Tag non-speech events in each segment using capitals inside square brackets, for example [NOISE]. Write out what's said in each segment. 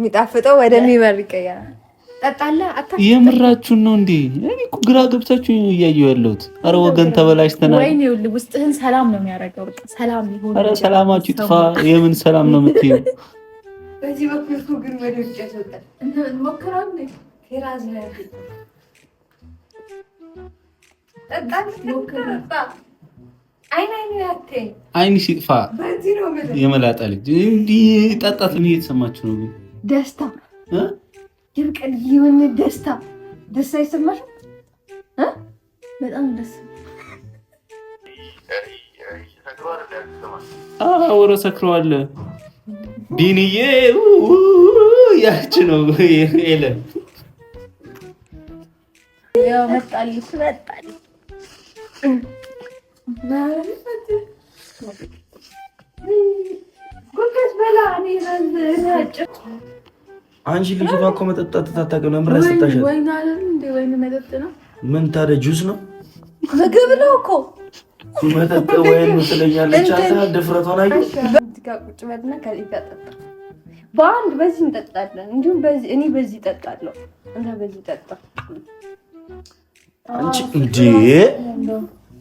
የሚጣፍጠው ወደሚመር ይቀየራል። የምራችሁን ነው እንዴ? እኔ እኮ ግራ ገብታችሁ እያየሁ ያለሁት። አረ ወገን ተበላሽተናል። ውስጥህን ሰላም ነው የሚያደርገው። ሰላማችሁ የምን ሰላም ነው የምትይው? አይንሽ ይጥፋ። የመላጣ ልጅ እንዲህ ጣጣትን እየተሰማችሁ ነው ደስታ ድብቀት የሆነ ደስታ ደስታ ይሰማሽ። በጣም ደስ ወረ ሰክረዋል። ቢንዬ ያች ነው ለ መጣልሽ አንቺ ልጅ እኮ መጠጣት ታታቀው ነው። ምራስ ተታሸ ወይን አይደል እንዴ? ወይን መጠጥ ነው። ምን ታደ ጁስ ነው። ምግብ ነው እኮ መጠጥ። ወይን ትለኛለች። ድፍረቷን አየሽ? ቁጭ በልና ከዚህ ጋር ጠጣ። በአንድ በዚህ እንጠጣለን። እንዲሁም በዚህ እኔ በዚህ እጠጣለሁ እና በዚህ ጠጣ አንቺ እንዴ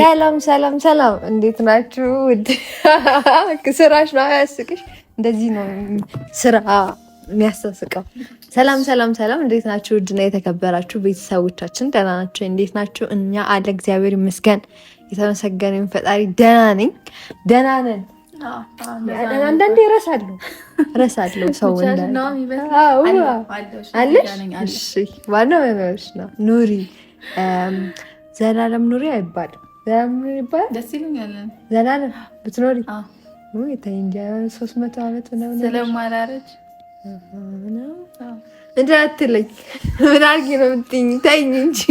ሰላም ሰላም ሰላም፣ እንዴት ናችሁ? [LAUGHS] ስራሽ ነው ያስቅሽ። እንደዚህ ነው ስራ የሚያሳስቀው። ሰላም ሰላም ሰላም፣ እንዴት ናችሁ? ውድና የተከበራችሁ ቤተሰቦቻችን ደህና ናቸው? እንዴት ናችሁ? እኛ አለ እግዚአብሔር ይመስገን፣ የተመሰገነ ፈጣሪ ደህና ነኝ፣ ደህና ነን። አንዳንዴ እረሳለሁ እረሳለሁ ሰው አለሽ። ዋናው ነው። ኑሪ ዘላለም ኑሪ አይባልም። ዘላለም ኑሪ ይባላል። ደስ ዘላለም ብትኖሪ ሶስት መቶ ዓመት ስለማላረጅ ምን ነው የምትይኝ? ተይኝ እንጂ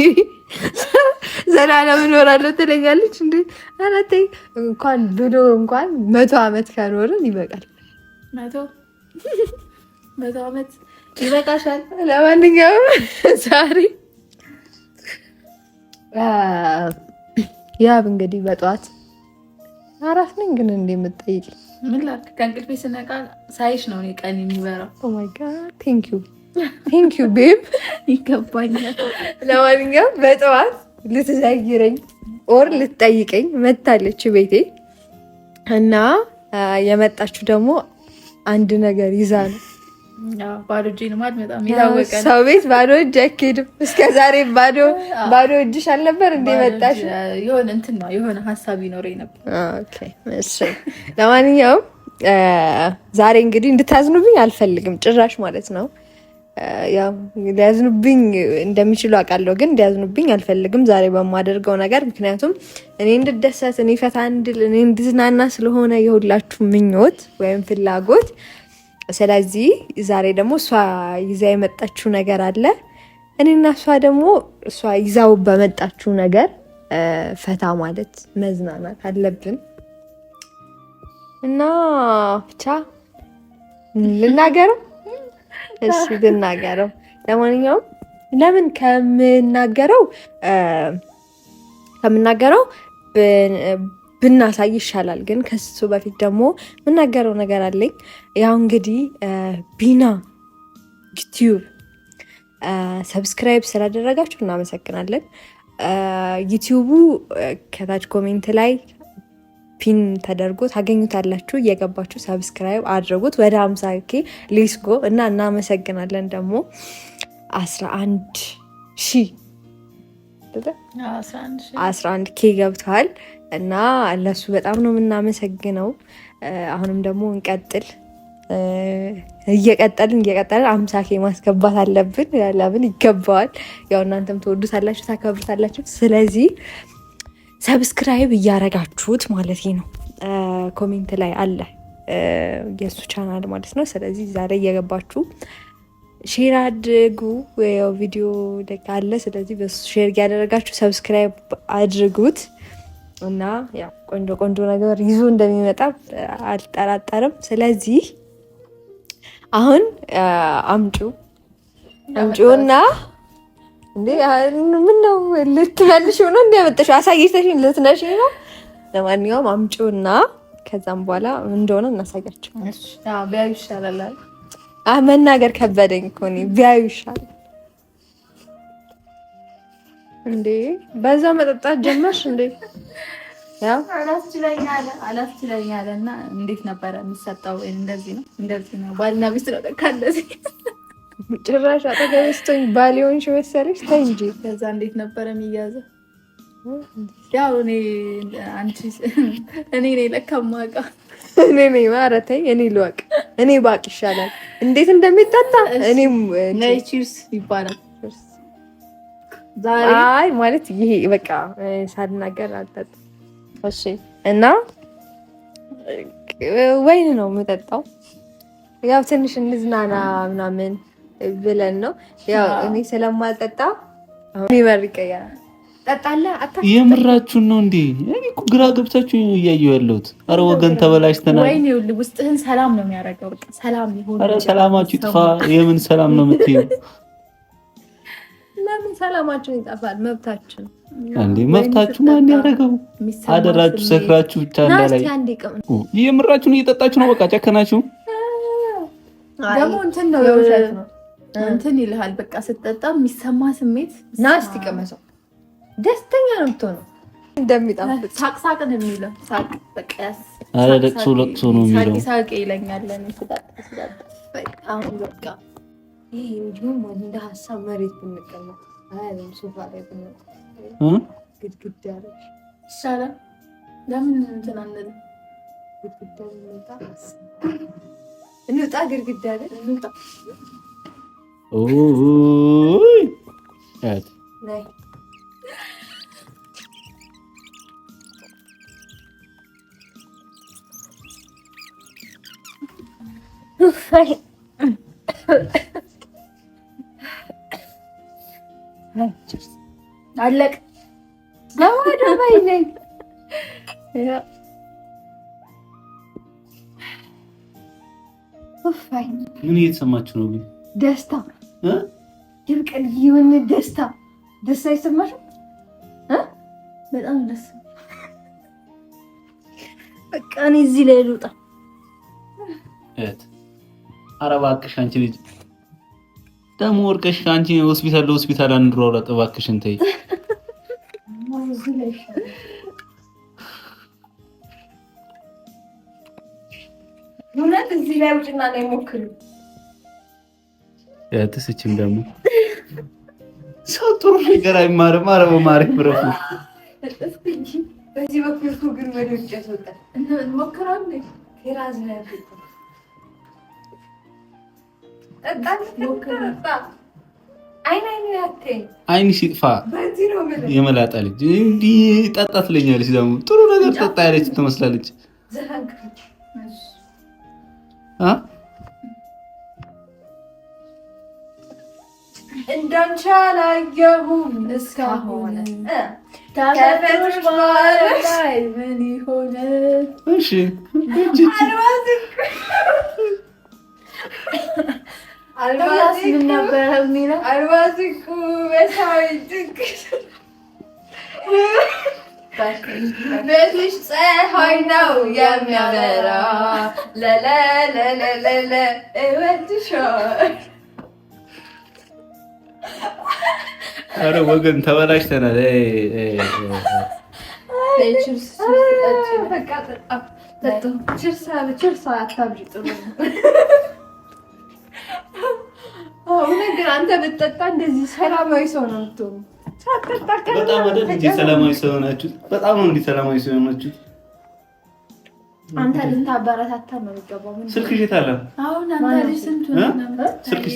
ዘላለም እኖራለሁ ትለኛለች። እንደ ኧረ ተይ እንኳን ብሎ እንኳን መቶ ዓመት ከኖርን ይበቃል። መቶ ዓመት ይበቃሻል። ለማንኛውም ዛሬ ያብ እንግዲህ በጠዋት አራት ነኝ ግን እንደ የምጠይቅ ምን ከእንቅልፌ ስነቃ ሳይሽ ነው ቀን የሚበራው። ኦ ማይ ጋድ ቴንክ ዩ ቴንክ ዩ ቤብ ይገባኛል። ለማንኛውም በጠዋት ልትዘይረኝ ኦር ልትጠይቀኝ መታለች ቤቴ እና የመጣችሁ ደግሞ አንድ ነገር ይዛ ነው ባዶ በጣም የታወቀ ሰው ቤት ባዶ እጅ አይኬድም። እስከ ዛሬ ባዶ ባዶ እጅሽ አልነበር እንደ መጣሽ የሆነ እንትን ነው የሆነ ሀሳብ ይኖረኝ ነበር። ለማንኛውም ዛሬ እንግዲህ እንድታዝኑብኝ አልፈልግም ጭራሽ ማለት ነው። ያው ሊያዝኑብኝ እንደሚችሉ አውቃለሁ፣ ግን ሊያዝኑብኝ አልፈልግም ዛሬ በማደርገው ነገር። ምክንያቱም እኔ እንድደሰት፣ እኔ ፈታ እንድል፣ እኔ እንድዝናና ስለሆነ የሁላችሁ ምኞት ወይም ፍላጎት ስለዚህ ዛሬ ደግሞ እሷ ይዛ የመጣችው ነገር አለ። እኔና እሷ ደግሞ እሷ ይዛው በመጣችው ነገር ፈታ ማለት መዝናናት አለብን እና ብቻ ልናገረው፣ እሺ ልናገረው። ለማንኛውም ለምን ከምናገረው ከምናገረው ብናሳይ ይሻላል። ግን ከሱ በፊት ደግሞ የምናገረው ነገር አለኝ። ያው እንግዲህ ቢና ዩቲዩብ ሰብስክራይብ ስላደረጋችሁ እናመሰግናለን። ዩቲዩቡ ከታች ኮሜንት ላይ ፒን ተደርጎ ታገኙታላችሁ። እየገባችሁ ሰብስክራይብ አድርጉት። ወደ አምሳ ኬ ሌስጎ እና እናመሰግናለን ደግሞ አስራ አንድ ሺህ አስራ አንድ ኬ ገብተዋል እና ለሱ በጣም ነው የምናመሰግነው። አሁንም ደግሞ እንቀጥል እየቀጠልን እየቀጠልን አምሳ ኬ ማስገባት አለብን። ለምን ይገባዋል። ያው እናንተም ትወዱታላችሁ፣ ታከብሩታላችሁ። ስለዚህ ሰብስክራይብ እያረጋችሁት ማለት ነው። ኮሜንት ላይ አለ የእሱ ቻናል ማለት ነው። ስለዚህ ዛሬ እየገባችሁ ሼር አድርጉ። ያው ቪዲዮ አለ፣ ስለዚህ በሱ ሼር ያደረጋችሁ ሰብስክራይብ አድርጉት እና ያው ቆንጆ ቆንጆ ነገር ይዞ እንደሚመጣ አልጠራጠርም። ስለዚህ አሁን አምጩ አምጩና ምን ነው ልትመልሽ ነው? እንዲያመጠሽ አሳየተሽኝ ልትነሽ ነው። ለማንኛውም አምጩና ከዛም በኋላ እንደሆነ እናሳያቸው ቢያዩ ይሻላል። መናገር ከበደኝ እኮ እኔ ቢያዩ ይሻል እንዴ! በዛ መጠጣት ጀመርሽ እንዴ? ያው አላስችለኝ አለ እና እንዴት ነበረ የሚሰጠው? እንደዚህ ነው እንደዚህ ነው ባልና ሚስት ነው ለካ እንደዚህ ጭራሽ አጠገቤ ስቶኝ ባል የሆንሽ መሰለሽ። ተይ እንጂ። ከዛ እንዴት ነበረ የሚያዘው? ያው እኔ አንቺ እኔ እኔ ለካ የማውቀው እኔ ነኝ ኧረ ተይ፣ እኔ ልወቅ፣ እኔ ባቅ ይሻላል። እንዴት እንደሚጠጣ እኔም ቺርስ ይባላል። አይ ማለት ይሄ በቃ ሳልናገር አልጠጣም። እሺ። እና ወይን ነው የምጠጣው። ያው ትንሽ እንዝናና ምናምን ብለን ነው ያው እኔ ስለማልጠጣ ሊበር ይቀየራል የምራችሁን ነው እንዴ? እኔ እኮ ግራ ገብታችሁ እያየሁ ያለሁት። አረ ወገን ተበላሽተናል። ውስጥህን ሰላም ነው የሚያደርገው። ሰላም ይሁን። አረ ሰላማችሁ ይጥፋ። የምን ሰላም ነው የምትይው? ለምን ሰላማችሁ ይጠፋል? መብታችሁ እንዴ? መብታችሁ ማን ያደረገው? አደራችሁ ሰክራችሁ ብቻ እንዳላይ። የምራችሁን እየጠጣችሁ ነው። በቃ ጨከናችሁ። ደግሞ እንትን ነው ነው እንትን ይልሃል። በቃ ስትጠጣ የሚሰማ ስሜት ና እስኪ ቀመሰው ደስተኛ ነው የምትሆነው። እንደሚጣፍጥ ሳቅ ሳቅ ነው የሚለው። ሳቅ በቀስ አረ ለቅሶ ለቅሶ ነው የሚለው። ሳቅ ይለኛል። እንዲሁም እንደ ሀሳብ መሬት ብንቀመጥ አያለም ግድግዳ ይሻላል። ለምን እንውጣ ግድግዳ አለቅ ለማዶ ባይነኝ ምን እየተሰማችሁ ነው? ደስታ ድምቅ የሆነ ደስታ ደስታ አይሰማሽም? በጣም ደስ በቃ እኔ እዚህ ላይ ልውጣ። ኧረ እባክሽ አንቺ ልጅ ደግሞ ወርቀሽ አንቺ ሆስፒታል ለሆስፒታል አንድሯውላት እባክሽን እንተይ እውነት እዚህ ላይ ውጭና ላይ ሞክሪ። ትስችም ደግሞ ሰው ጥሩ ነገር አይማርም። አረበ ማሪ ረፉ በዚህ በኩል እኮ ግን ወደ ውጭ ያስወጣል። እንሞክራለን። ቴራዝ ነው ያልኩት። አይን ሲጥፋ የመላጣ ልጅ እንዲህ ጠጣ ትለኛለች። ደግሞ ጥሩ ነገር ጠጣ ያለች ትመስላለች። እስካሁን ተፈጥሮሽ ባህር ላይ ምን ይሆነ? ፀሐይ ነው የሚያበራ ለለለለለለ እወድሻለሁ አረ ወገን ተበላሽተናል። አንተ ብትጠጣ እንደዚህ ሰላማዊ ሰው ነው የምትሆኑ። በጣም እንደ ሰላማዊ ሰው ናችሁ። በጣም ነው እንደ ሰላማዊ ሰው ናችሁ። አንተ ልታበረታታ ነው የሚገባው። ስልክሽ የት አለ? አሁን አንተ ልጅ ስንቱ ነው? ስልክሽ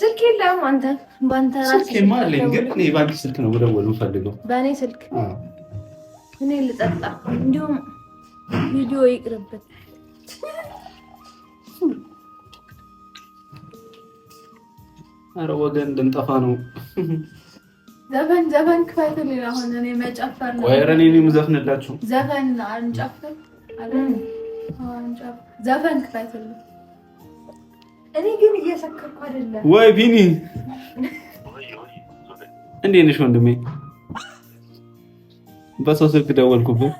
ስልክ የለም። አንተ በአንተ አለኝ፣ ግን እኔ ስልክ ነው መደወል በእኔ ስልክ እኔ ልጠጣ። እንዲሁም ቪዲዮ ይቅርብን። አረ ወገን ነው። ዘፈን ዘፈን እኔ መጨፈር ነው። ኧረ እኔ ዘፈን አንጨፍር ዘፈን እኔ ግን እየሰከርኩ አይደለም ወይ ቢኒ? እንዴት ነሽ ወንድሜ? በሰው ስልክ ደወልኩብህ።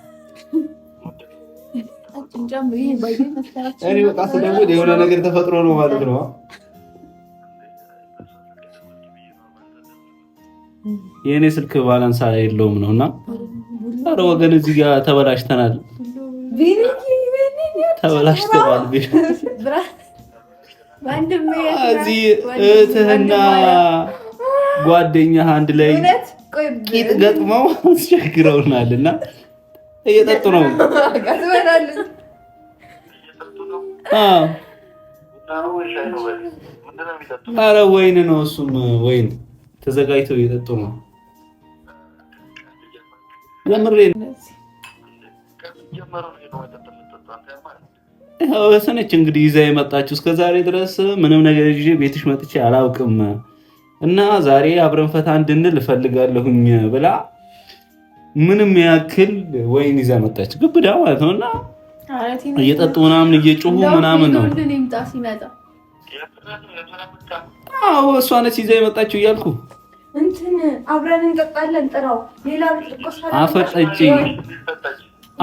እኔ በቃ ስደውል የሆነ ነገር ተፈጥሮ ነው ማለት ነው። የእኔ ስልክ ባላንስ የለውም ነው እና አረ ወገን እዚህ ጋር ተበላሽተናል፣ ተበላሽተናል እዚህ እህትህና ጓደኛ አንድ ላይ ቂጥ ገጥመው አስቸግረውናል እና እየጠጡ ነው። አረ ወይን ነው እሱም ወይን ተዘጋጅተው እየጠጡ ነው። የምሬ ነው። ወሰነች እንግዲህ ይዛ የመጣችው እስከ ዛሬ ድረስ ምንም ነገር ይዤ ቤትሽ መጥቼ አላውቅም እና ዛሬ አብረን ፈታ እንድንል እፈልጋለሁኝ ብላ ምንም ያክል ወይን ይዛ መጣች። ግብዳ ማለት ነው እና እየጠጡ ምናምን እየጩሁ ምናምን ነው። አዎ እሷ ነች ይዛ የመጣችው እያልኩ እንትን አብረን እንጠጣለን። ጥራው ሌላ አፈጠጭኝ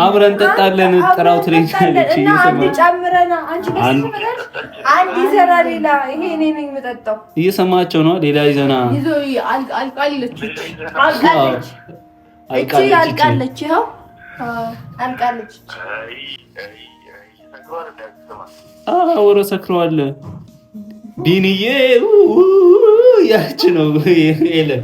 አብረን ጠጣለን። ጥራው ትሬኛለች እየሰማቸው ነው። ሌላ ይዘና አልቃለች። ይኸው ሰክረዋል። ቢንዬ ያች ነው የለም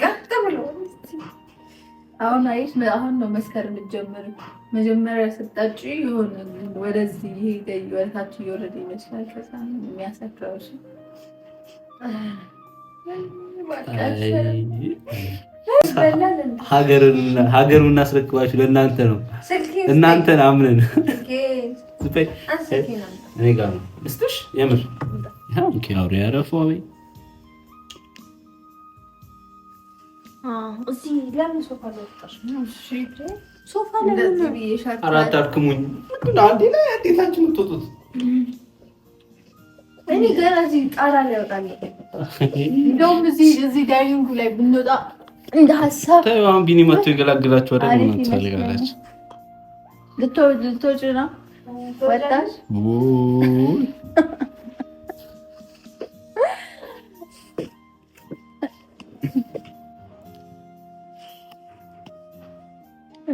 ቀጥ ብሎ አሁን አየሽ፣ አሁን ነው መስከር የምትጀምሪው። መጀመሪያ ስጣጭ ይሆን ወደዚህ ይሄ ወደታች እየወረደ ይመስላል። ከዛ የሚያሰክረው እሺ፣ ሀገሩን እናስረክባችሁ ለእናንተ ነው። እናንተን አምነን እኔ ጋር ነው። እስኪ የምር እዚህ ለምን ሶፋ ዘወጣሽ? ሶፋ ለምን ብዬሻል። አራት አርክሙኝ ግን አንዴ ላይ እንዴታችን ምትወጡት እኔ ገና እዚህ ጣራ ላይ ወጣ። እንደውም እዚህ ዳይኒንግ ላይ ብንወጣ እንደ ሀሳብ አሁን ቢኒ መቶ ይገላግላችሁ። ወደ ምን ትፈልጋላችሁ? ልትወጪ ነው ወጣሽ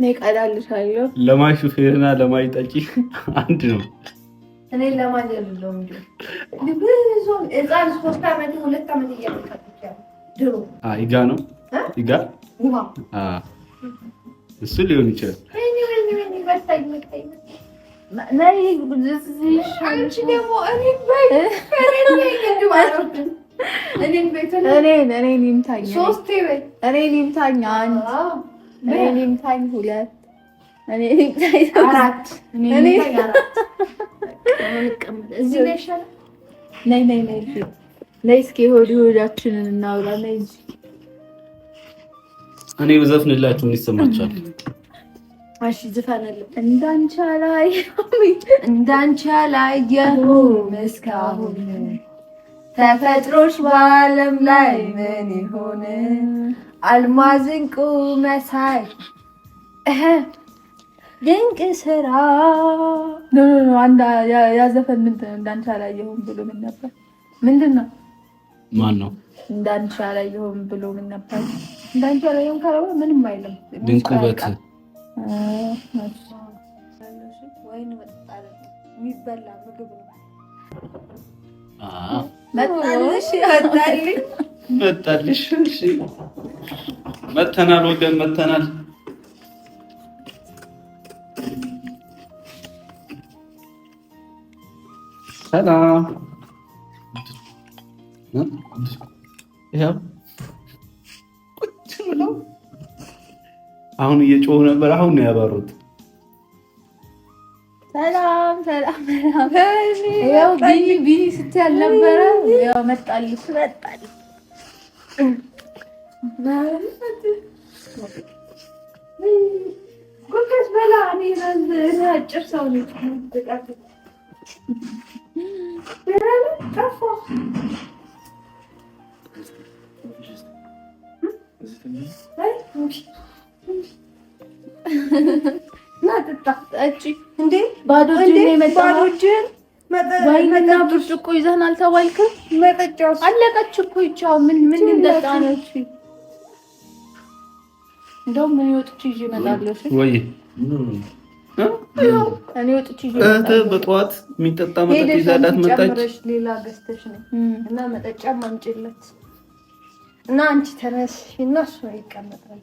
እኔ ቀዳልሻለሁ። ለማይ ሹፌርና ለማይ ጠጪ አንድ ነው። እኔ ለማን ያለው ብዙ ህፃን ሶስት ዓመት ሁለት ዓመት ድሮ ኢጋ ነው ኢጋ እሱ ሊሆን ይችላል። እኔን ይምታኝ አንድ እኔ ታይም ሁለት ነይ ነይ ነይ ነይ እስኪ ሆድ ሆዳችንን እናውራ። ነይ እንጂ እኔ ብዘፍንላችሁ ምን ይሰማችኋል? እሺ ዝፈንልን። እንዳንቺ አላየሁም እንዳንቺ አላየሁም እስካሁን ተፈጥሮሽ በዓለም ላይ ምን ይሆን አልማዝ እንቁ መሳይ ድንቅ ስራ ያዘፈን ምን እንዳንቺ አላየሁም ብሎ ምን ነበር? ምንድን ነው ማን ነው እንዳንቺ አላየሁም ብሎ ምን ነበር? እንዳንቺ አላየሁም ካለ ምንም አይልም። ድንቅ ውበት የሚበላ ምግብ ነው። መጣልሽ። እሺ መተናል፣ ወገን መተናል። ሰላም ያው ቁጭ ብለው አሁን እየጮሁ ነበር። አሁን ነው ያባሩት። ሰላም ሰላም ሰላም። ቢኒ ቢኒ ስትያል ነበረ። ያው መጣልሽ መጣልሽ ጎበዝ በላ። አጭር ሰው ጠጪ እንዴ? ባዶ እጅን ወይንና ብርጭቆ ይዘህን አልተባልክም? መጠጫው አለቀች እኮ ይቻው። ምን ምን እንደጣ ነው? እንደውም እኔ ወጥቼ ይዤ እመጣለሁ። ወይ እኔ ወጥቼ ይዤ እመጣለሁ። በጠዋት የሚጠጣ መጠጥ ይዛላት መጣች። ሌላ ገዝተሽ ነው እና መጠጫም አምጪለት እና አንቺ ተነስሽ እና እሱ ይቀመጣል።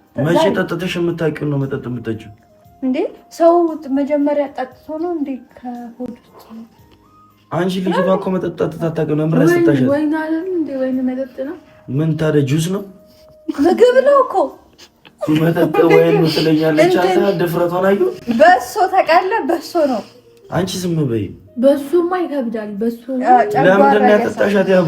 መቼ ጠጥተሽ የምታውቂው ነው መጠጥ የምጠጪው? እንዴ ሰው መጀመሪያ ጠጥቶ ነው እንዴ ከሆድ አንቺ ልጅ እኮ መጠጥ ጠጥታ አታውቅም። ነው ምራስ ተታሽ ወይን አይደል እንዴ? ወይን መጠጥ ነው። ምን ታዲያ ጁስ ነው? ምግብ ነው እኮ መጠጥ። ወይን ነው ትለኛለች። አንተ ድፍረቷን አየሁ። በሶ ታውቃለህ? በሶ ነው። አንቺ ዝም በይ። በሱማ ይከብዳል። በሱ ለምንድን ነው ያጠጣሻት ያቡ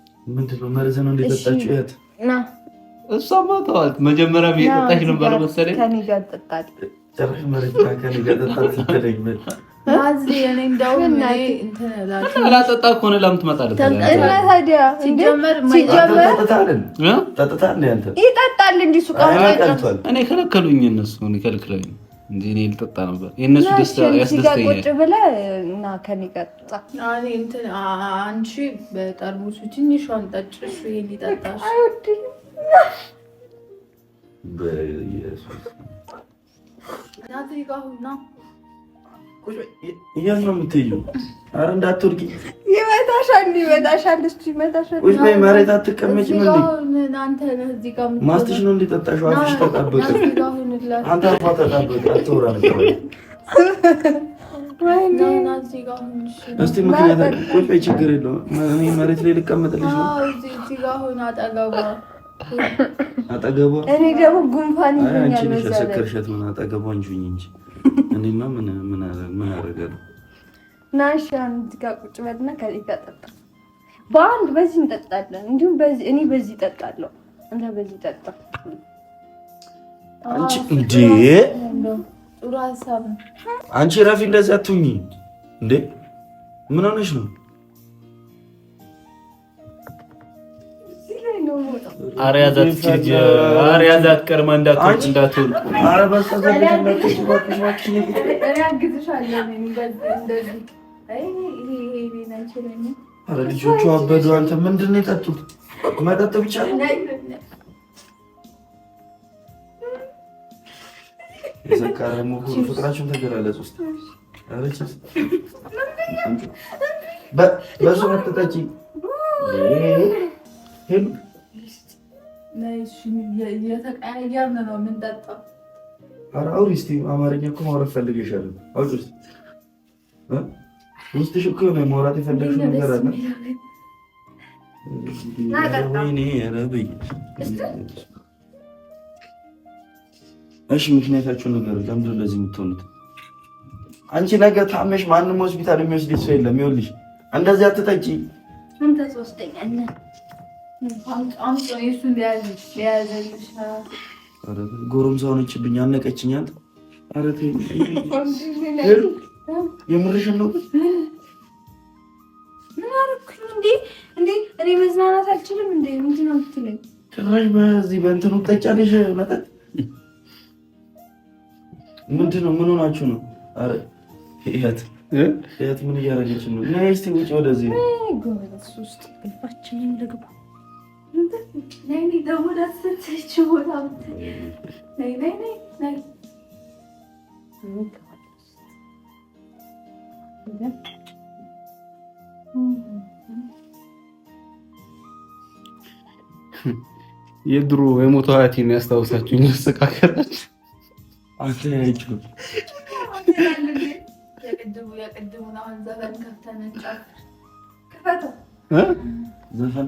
ምንድነው? መርዝ ነው እንደጠጣችሁ? የት እሷማ ተዋት። መጀመሪያ እየጠጣች ነበር መሰለኝ። ከኔ ጋር ጭራሽ መርዝ ጋር ስትለኝ ከሆነ ለምን ትመጣለህ? ይጠጣል እሱ እኔ ከለከሉኝ፣ እነሱ ከልክለኝ እንጂ እኔ ልጠጣ ነበር። የእነሱ ደስታ ያስደስተኛል። ቁጭ ብለህ እና ከኔ ጋር አንቺ በጠርሙሱ ትንሿን ጠጭ፣ እሱ ይሄን ሊጠጣ ናትሪቃሁና የት ነው የምትሄጂው? ኧረ እንዳትወድቂ። ይመታሻል፣ ይመታሻል፣ እስኪ ይመታሻል። ቁጭ በይ መሬት አትቀመጭም እንዴ? ማስትሽ ነው እንዴ አፍሽ ተጣበቀ። አንተ አፏ ተጣበቀ። አትወራ እስቲ ምክንያት ቁጭ በይ፣ ችግር የለውም። እኔ መሬት ላይ ልቀመጥልሽ ነው። አጠገቧ እኔ ደግሞ ጉንፋን ይዘኛል። አንቺ ነሽ ያሰከርሻት። ምን አጠገቧ እንጂ እኔማ ምን ምን አደረገ ነው? ና እሺ፣ ጋር ቁጭ በልና ከዚህ ጋር ጠጣ። በአንድ በዚህ እንጠጣለን። እንዲሁም በዚህ እኔ በዚህ እጠጣለሁ፣ አንተ በዚህ ጠጣ። አንቺ እንዴ! ጥሩ ሀሳብ። አንቺ ረፊ እንደዚህ አትሁኚ እንዴ! ምን ሆነሽ ነው? አርያዛት ልጅ አርያዛት ቀርማ እንዳት እንዳትወርቁ። አረ ልጆቹ አበዱ። አንተ ምንድን ነው የጠጡት? መጠጥ ብቻ የሰካረሙ ፍቅራችሁን ተገላለጽ ውስጥ በሱ አትጠጪ የተቀያየርን ነው የምንጠጣው። ኧረ አውሪ እስኪ አማርኛ እኮ ማውራት ፈልጌሻለሁ። አውጪ ውስጥሽ እኮ የሆነ ማውራት የፈለግሽው ነገር አለ። እሺ ምክንያታችሁን ንገሩኝ። ለምንድን ነው እንደዚህ የምትሆኑት? አንቺ ነገር ታመሽ ማንም ሆስፒታል የሚወስድሽ ሰው የለም። ይኸውልሽ እንደዚህ አትጠጪ። አንተ ሶስተኛ ጎረምሳ ሆነችብኝ፣ አነቀችኝ። አንተ ኧረ ተይኝ፣ የምርሽን ነው? ምን አደረኩኝ እንዴ? እንዴ እኔ መዝናናት አልችልም እንዴ? ምንድን ነው የምትለኝ? ጭራሽ በዚህ በእንትኑ ጠጫለሽ መጠጥ። ምንድን ነው? ምን ሆናችሁ ነው? ኧረ እህት እህት፣ ምን እያደረገች ነው? እና እስኪ ውጭ ወደዚህ ነው። ጎበዝ ውስጥ ገባችን። ምግቡ የድሮ የሞተ አያቴን ያስታውሳችሁኝ ያሰቃከላች ዘፈን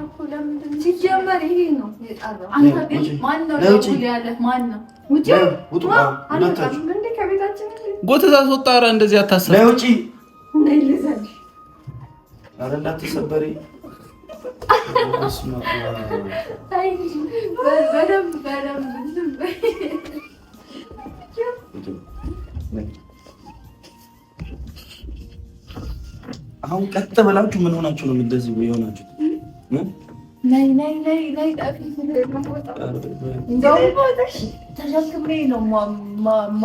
ሲጀመር ይሄ ነው የጣለው። አንተ ግን ማን ነው ማን ነው ውጪ? ውጡ! ከቤታችን? ኧረ እንደዚህ አታስብ። ውጪ! ኧረ እንዳትሰበሪ። አሁን ቀጥ ብላችሁ ምን ሆናችሁ ነው እንደዚህ የሆናችሁት? ተሸክሜ ነው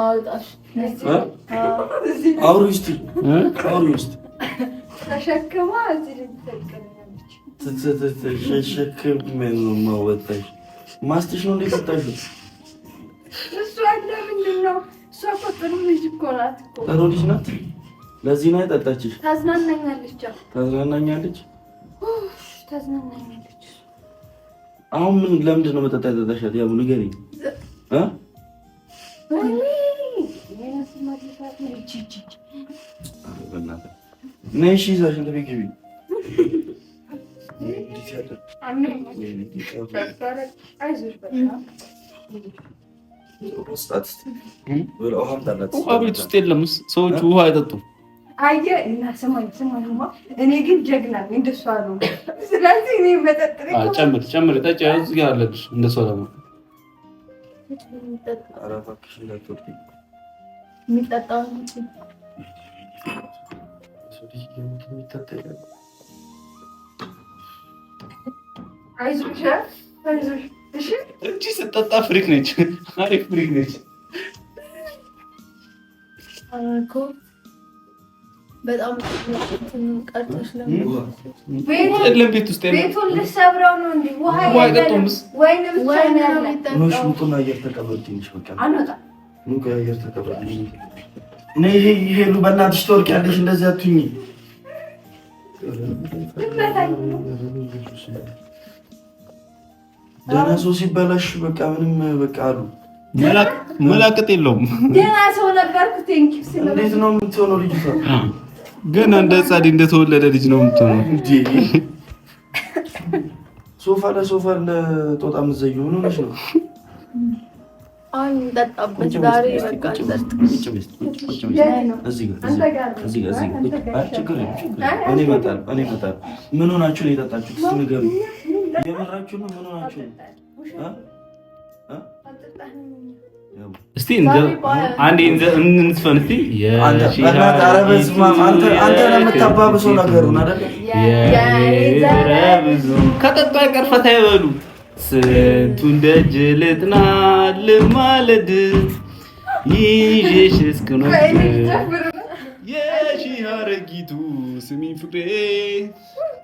ማውጣሽ። አውሪ እስኪ አውሪ እስኪ ነው ማወጣሽ። ማስትሽ ነው እንደ የሰጣሽው እሱ አለ። ምንድን ነው እሷ እኮ ጥሩ ልጅ እኮ ናት፣ ጥሩ ልጅ ናት። ለዚህ ነው ያጠጣችሽ። ታዝናናኛለች፣ ታዝናናኛለች፣ ታዝናናኛለች አሁን ምን ለምንድን ነው መጠጣ ያጠጣሻት? ያው ንገሪኝ እ ነሽ ይዛሽ እንደ ግቢ ውሃ ቤት ውስጥ የለም። ሰዎቹ ውሃ አይጠጡም። አየ እና ስሞኝ ስሞኝ እኔ ግን ጀግና እንደሷ ነው። ስለዚህ እኔ መጠጥ ጨምር ጨምር ጠጪ እዚህ ጋር አለብሽ። ደግሞ እጅ ስጠጣ ፍሪክ ነች። አሪፍ ፍሪክ ነች። በጣም ቀርቶች ቤት ውስጥ ቤቱን ልሰብረው ደህና ሰው ሲበላሽ በቃ ምንም በቃ አሉ መላቅጥ የለውም። ደህና ሰው ነበርኩ። እንዴት ነው የምትሆነው ልጅቷ? ገና እንደ ህጻን እንደተወለደ ልጅ ነው የምትሆነው። ሶፋ ለሶፋ ለጦጣ የምትዘጊው ሆኖ ነው። ምን ሆናችሁ ነው የጠጣችሁት? የመራችሁ ነው? ምን ሆናችሁ ነው? እስቲ አንድ እንትፈን አንተ የምታባብሰው ከጠጣ ይበሉ ስንቱን ደጅ ልጥና ልማለድ ይዤሽ እስክኖ የሺህ አረጊቱ ስሚ ፍቅሬ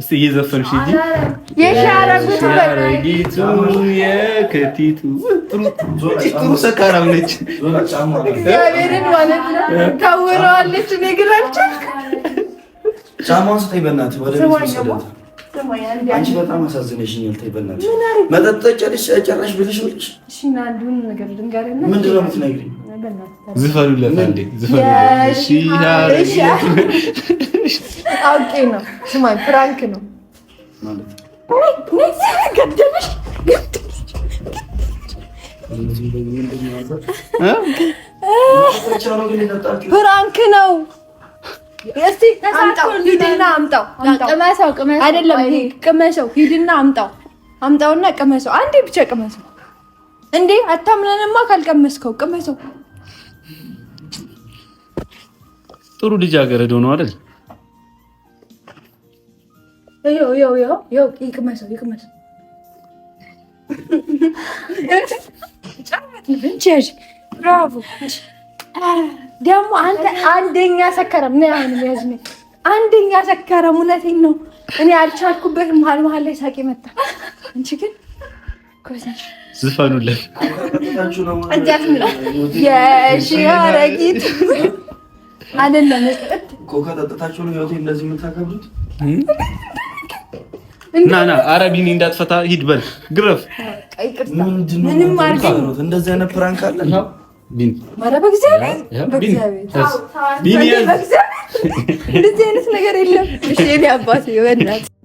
እስቲ እየዘፈንሽ እንጂ የሻረጉቱ የከቲቱ ጥሩ ሰካራም ነች። እግዚአብሔርን ማለት ታውረዋለች። ነግራችን ጫማውን ስታይ በእናትህ ወደ አንቺ በጣም አሳዝነሽኛል። ተይ በእናትሽ መጠጥ ጠጨልሽ ጨራሽ ብልሽ ልሽ ምንድን የምትነግሪኝ? ዝፈኑለት አንዴ ዝፈኑለት አውቄ ነው። ስማኝ፣ ፍራንክ ነው ገደለሽ። ፍራንክ ነው። እስቲ ሂድና አምጣው። አይደለም ቅመሰው፣ ሂድና አምጣው። አምጣውና ቅመሰው። አንዴ ብቻ ቅመሰው። እንዴ አታምነንማ ካልቀመስከው። ቅመሰው። ጥሩ ልጅ አገረደው ነው አይደል? ይኸው ይኸው ይኸው ይኸው ይቅመሰው ይቅመሰው። ደግሞ አንተ አንደኛ ሰከረም ነው ያሁን ያዝኔ አንደኛ ሰከረም። እውነቴን ነው እኔ አልቻልኩበትም። መሀል መሀል ላይ ሳቂ መጣ። አንቺ ግን ዝፈኑለን የሺ አረጊት አይደለም። ኮካ ጠጥታችሁ ነው እንደዚህ የምታከብሩት? ና ና አረቢኒ እንዳትፈታ ሂድ በል ግረፍ። ምንም እንደዚህ አይነት ፕራንክ አለ። በእግዚአብሔር እንደዚህ አይነት ነገር የለም። እሺ የእኔ አባት በእናትህ